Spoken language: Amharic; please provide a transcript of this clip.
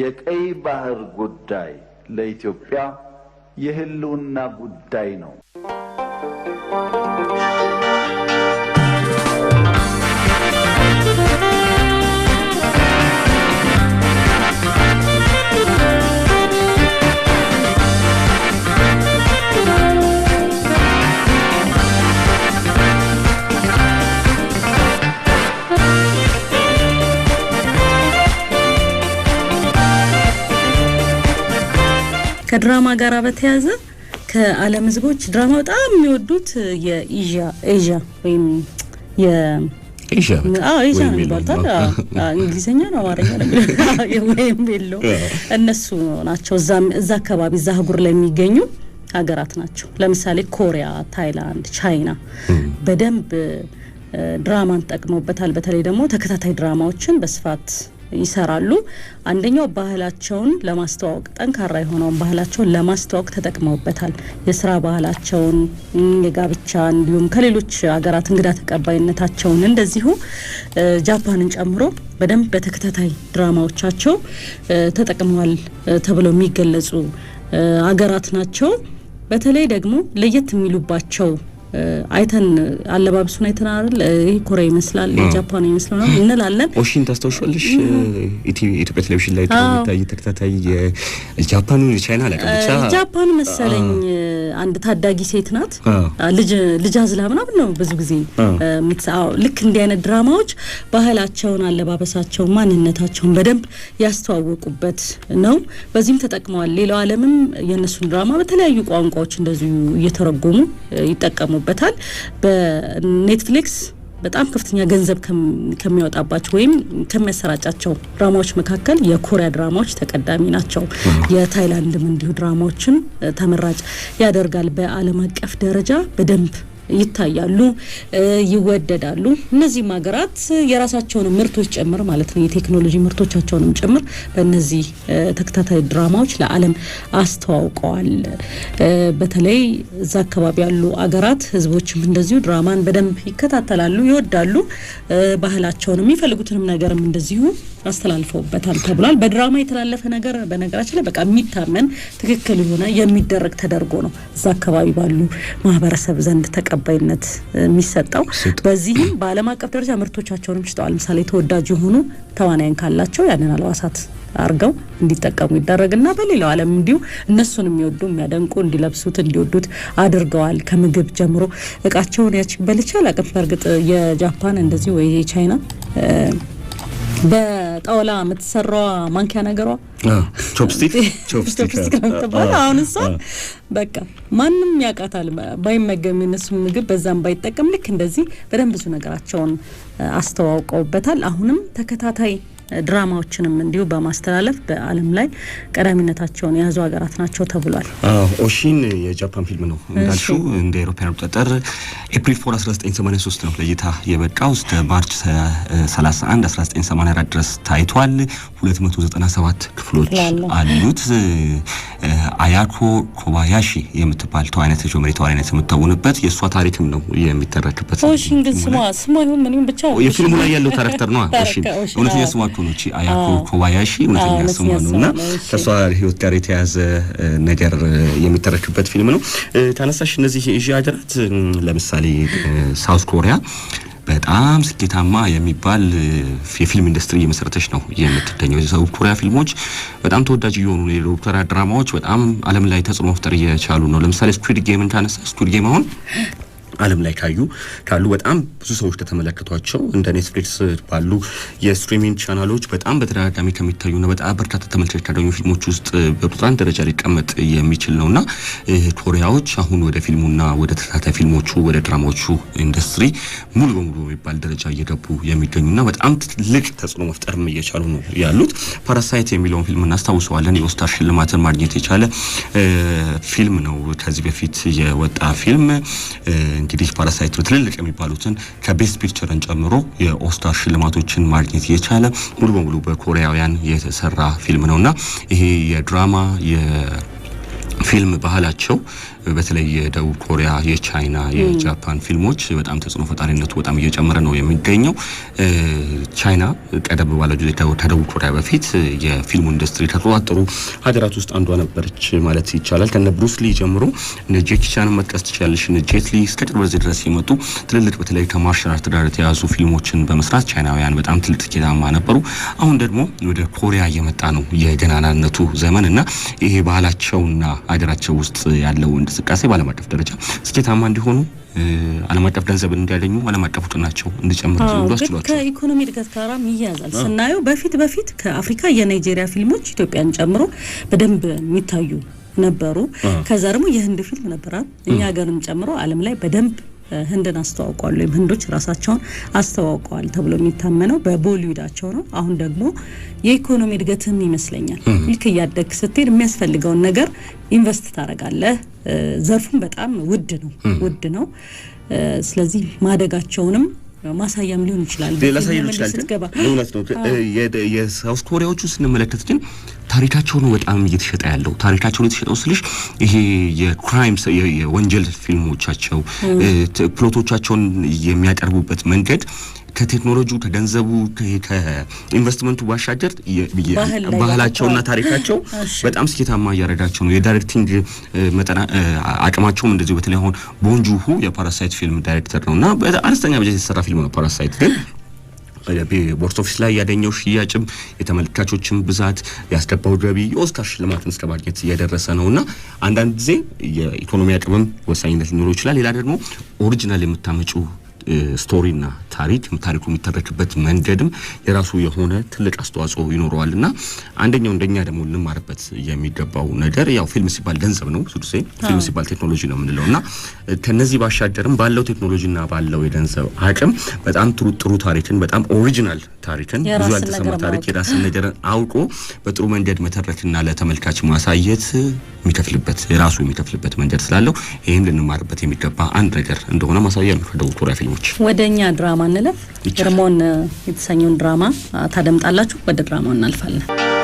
የቀይ ባህር ጉዳይ ለኢትዮጵያ የህልውና ጉዳይ ነው። ከድራማ ጋር በተያዘ ከዓለም ህዝቦች ድራማ በጣም የሚወዱት የኢዣ ኤዥያ ወይም ኤዥያ እንግሊዝኛ ነው አማርኛ ወይም የለው እነሱ ናቸው። እዛ አካባቢ እዛ አህጉር ላይ የሚገኙ ሀገራት ናቸው። ለምሳሌ ኮሪያ፣ ታይላንድ፣ ቻይና በደንብ ድራማን ጠቅመውበታል። በተለይ ደግሞ ተከታታይ ድራማዎችን በስፋት ይሰራሉ። አንደኛው ባህላቸውን ለማስተዋወቅ ጠንካራ የሆነውን ባህላቸውን ለማስተዋወቅ ተጠቅመውበታል። የስራ ባህላቸውን፣ የጋብቻ እንዲሁም ከሌሎች ሀገራት እንግዳ ተቀባይነታቸውን እንደዚሁ ጃፓንን ጨምሮ በደንብ በተከታታይ ድራማዎቻቸው ተጠቅመዋል ተብለው የሚገለጹ ሀገራት ናቸው። በተለይ ደግሞ ለየት የሚሉባቸው አይተን አለባበሱን አይተን አይደል ይህ ኮሪያ ይመስላል የጃፓን ይመስላል ነው እንላለን። ኦሺን ታስታውሻለሽ? ኢትዮጵያ ቴሌቪዥን ላይ ታይ ተከታታይ የጃፓኑ ቻይና ላይ ብቻ ጃፓን መሰለኝ አንድ ታዳጊ ሴት ናት ልጅ ልጅ አዝላ ምናምን ነው ብዙ ጊዜ ምትሳው ልክ እንዲህ አይነት ድራማዎች ባህላቸውን፣ አለባበሳቸውን፣ ማንነታቸውን በደንብ ያስተዋወቁበት ነው። በዚህም ተጠቅመዋል። ሌላው ዓለምም የእነሱን ድራማ በተለያዩ ቋንቋዎች እንደዚሁ እየተረጎሙ ይጠቀሙ ይገኙበታል። በኔትፍሊክስ በጣም ከፍተኛ ገንዘብ ከሚያወጣባቸው ወይም ከሚያሰራጫቸው ድራማዎች መካከል የኮሪያ ድራማዎች ተቀዳሚ ናቸው። የታይላንድም እንዲሁ ድራማዎችን ተመራጭ ያደርጋል። በዓለም አቀፍ ደረጃ በደንብ ይታያሉ፣ ይወደዳሉ። እነዚህም ሀገራት የራሳቸውን ምርቶች ጭምር ማለት ነው የቴክኖሎጂ ምርቶቻቸውንም ጭምር በእነዚህ ተከታታይ ድራማዎች ለዓለም አስተዋውቀዋል። በተለይ እዛ አካባቢ ያሉ አገራት ህዝቦችም እንደዚሁ ድራማን በደንብ ይከታተላሉ፣ ይወዳሉ። ባህላቸውንም የሚፈልጉትንም ነገርም እንደዚሁ አስተላልፈውበታል ተብሏል። በድራማ የተላለፈ ነገር በነገራችን ላይ በቃ የሚታመን ትክክል የሆነ የሚደረግ ተደርጎ ነው እዛ አካባቢ ባሉ ማህበረሰብ ዘንድ ተቀ ተቀባይነት የሚሰጠው። በዚህም በዓለም አቀፍ ደረጃ ምርቶቻቸውንም ሽጠዋል። ለምሳሌ ተወዳጅ የሆኑ ተዋናይን ካላቸው ያንን አልባሳት አርገው እንዲጠቀሙ ይደረግና በሌላው ዓለም እንዲሁ እነሱን የሚወዱ የሚያደንቁ እንዲለብሱት እንዲወዱት አድርገዋል። ከምግብ ጀምሮ እቃቸውን ያች በልቻ በእርግጥ የጃፓን እንደዚሁ ወይ የቻይና ጣውላ የምትሰራዋ ማንኪያ ነገሯ ቾፕስቲክ ቾፕስቲክ ነው የምትባለው። አሁን እሷ በቃ ማንም ያውቃታል ባይመገብ የነሱን ምግብ በዛም ባይጠቀም ልክ እንደዚህ በደንብ ብዙ ነገራቸውን አስተዋውቀውበታል። አሁንም ተከታታይ ድራማዎችንም እንዲሁ በማስተላለፍ በዓለም ላይ ቀዳሚነታቸውን የያዙ ሀገራት ናቸው ተብሏል። ኦሺን የጃፓን ፊልም ነው እንዳልሹ እንደ ኤሮፓያን አቆጣጠር ኤፕሪል 4 1983 ነው ለእይታ የበቃው እስከ ማርች 31 1984 ድረስ ታይቷል። 297 ክፍሎች አሉት። አያኮ ኮባያሺ የምትባል ተዋናይት ጆመሪ ተዋናይት የምትተውንበት የእሷ ታሪክም ነው የሚተረክበት። ኦሺን ግን ስሟ ስሟ ይሁን ምንም ብቻ የፊልሙ ላይ ያለው ካራክተር ነው ኦሺን እውነተኛ ስሟ የምታውቁ አያኮ ኮባያሺ እውነተኛ ስሟ ነው እና ከእሷ ህይወት ጋር የተያዘ ነገር የሚተረክበት ፊልም ነው። ታነሳሽ እነዚህ የኤዥያ ሀገራት ለምሳሌ ሳውዝ ኮሪያ በጣም ስኬታማ የሚባል የፊልም ኢንዱስትሪ እየመሰረተች ነው የምትገኘው። የሰው ኮሪያ ፊልሞች በጣም ተወዳጅ እየሆኑ ነው። የደቡብ ድራማዎች በጣም ዓለም ላይ ተጽዕኖ መፍጠር እየቻሉ ነው። ለምሳሌ ስኩድ ጌምን ታነሳ። ስኩድ ጌም አሁን ዓለም ላይ ካዩ ካሉ በጣም ብዙ ሰዎች ከተመለከቷቸው እንደ ኔትፍሊክስ ባሉ የስትሪሚንግ ቻናሎች በጣም በተደጋጋሚ ከሚታዩና በጣም በርካታ ተመልካች ካገኙ ፊልሞች ውስጥ በቁጥራን ደረጃ ሊቀመጥ የሚችል ነውና ኮሪያዎች አሁን ወደ ፊልሙና ወደ ተከታታይ ፊልሞቹ ወደ ድራማዎቹ ኢንዱስትሪ ሙሉ በሙሉ የሚባል ደረጃ እየገቡ የሚገኙና በጣም ትልቅ ተጽዕኖ መፍጠርም እየቻሉ ነው ያሉት። ፓራሳይት የሚለውን ፊልም እናስታውሰዋለን። የኦስካር ሽልማትን ማግኘት የቻለ ፊልም ነው። ከዚህ በፊት የወጣ ፊልም እንግዲህ ፓራሳይት ትልልቅ የሚባሉትን ከቤስት ፒክቸርን ጨምሮ የኦስካር ሽልማቶችን ማግኘት የቻለ ሙሉ በሙሉ በኮሪያውያን የተሰራ ፊልም ነውና ይሄ የድራማ ፊልም ባህላቸው በተለይ የደቡብ ኮሪያ፣ የቻይና፣ የጃፓን ፊልሞች በጣም ተጽዕኖ ፈጣሪነቱ በጣም እየጨመረ ነው የሚገኘው። ቻይና ቀደም ባለ ጊዜ ከደቡብ ኮሪያ በፊት የፊልሙ ኢንዱስትሪ ከተቆጣጠሩ ሀገራት ውስጥ አንዷ ነበረች ማለት ይቻላል። ከነ ብሩስሊ ጀምሮ እነ ጄኪ ቻንን መጥቀስ ትችላለች። እነ ጄትሊ እስከ ቅርብ ጊዜ ድረስ ሲመጡ ትልልቅ በተለይ ከማርሻል አርት ጋር የተያዙ ፊልሞችን በመስራት ቻይናውያን በጣም ትልቅ ኬታማ ነበሩ። አሁን ደግሞ ወደ ኮሪያ እየመጣ ነው የገናናነቱ ዘመን እና ይሄ ባህላቸውና አገራቸው ውስጥ ያለው እንቅስቃሴ በዓለም አቀፍ ደረጃ ስኬታማ እንዲሆኑ ዓለም አቀፍ ገንዘብ እንዲያገኙ ዓለም አቀፍ እውቅናቸው እንዲጨምር አስችሏቸው ከኢኮኖሚ እድገት ጋራም ይያዛል። ስናየው በፊት በፊት ከአፍሪካ የናይጄሪያ ፊልሞች ኢትዮጵያን ጨምሮ በደንብ የሚታዩ ነበሩ። ከዛ ደግሞ የህንድ ፊልም ነበራል እኛ ሀገርም ጨምሮ ዓለም ላይ በደንብ ህንድን አስተዋውቀዋል ወይም ህንዶች ራሳቸውን አስተዋውቀዋል ተብሎ የሚታመነው በቦሊውዳቸው ነው። አሁን ደግሞ የኢኮኖሚ እድገትም ይመስለኛል ልክ እያደግ ስትሄድ የሚያስፈልገውን ነገር ኢንቨስት ታደርጋለህ። ዘርፉም በጣም ውድ ነው ውድ ነው። ስለዚህ ማደጋቸውንም ማሳያም ሊሆን ይችላል ሊሆን ይችላል። እውነት ነው። የሳውዝ ኮሪያዎቹ ስንመለከት ግን ታሪካቸውን በጣም እየተሸጠ ያለው። ታሪካቸውን የተሸጠው ስልሽ ይሄ የክራይም የወንጀል ፊልሞቻቸው ፕሎቶቻቸውን የሚያቀርቡበት መንገድ ከቴክኖሎጂው ከገንዘቡ ከኢንቨስትመንቱ ባሻገር ባህላቸውና ታሪካቸው በጣም ስኬታማ እያደረጋቸው ነው። የዳይሬክቲንግ መጠና አቅማቸውም እንደዚሁ በተለይ አሁን ቦንጁሁ የፓራሳይት ፊልም ዳይሬክተር ነው እና አነስተኛ በጀት የተሰራ ፊልም ነው ፓራሳይት ግን ቦክስ ኦፊስ ላይ ያገኘው ሽያጭም የተመልካቾችን ብዛት ያስገባው ገቢ የኦስካር ሽልማትን እስከ ማግኘት እያደረሰ ነው እና አንዳንድ ጊዜ የኢኮኖሚ አቅምም ወሳኝነት ሊኖረው ይችላል። ሌላ ደግሞ ኦሪጂናል የምታመጩ ስቶሪና ታሪክ ታሪኩ የሚተረክበት መንገድም የራሱ የሆነ ትልቅ አስተዋጽኦ ይኖረዋል እና አንደኛው እንደኛ ደግሞ ልንማርበት የሚገባው ነገር ያው ፊልም ሲባል ገንዘብ ነው ሱዱሴ ፊልም ሲባል ቴክኖሎጂ ነው የምንለው እና ከነዚህ ባሻገርም ባለው ቴክኖሎጂና ባለው የገንዘብ አቅም በጣም ጥሩ ጥሩ ታሪክን በጣም ኦሪጂናል ታሪክን ብዙ ያልተሰማ ታሪክ የራስን ነገር አውቆ በጥሩ መንገድ መተረክና ለተመልካች ማሳየት የሚከፍልበት የራሱ የሚከፍልበት መንገድ ስላለው ይህም ልንማርበት የሚገባ አንድ ነገር እንደሆነ ማሳያ ነው። ኮሪያ ፊልሞች ወደ እኛ ድራማ እንለፍ። እርሞን የተሰኘውን ድራማ ታደምጣላችሁ። ወደ ድራማው እናልፋለን።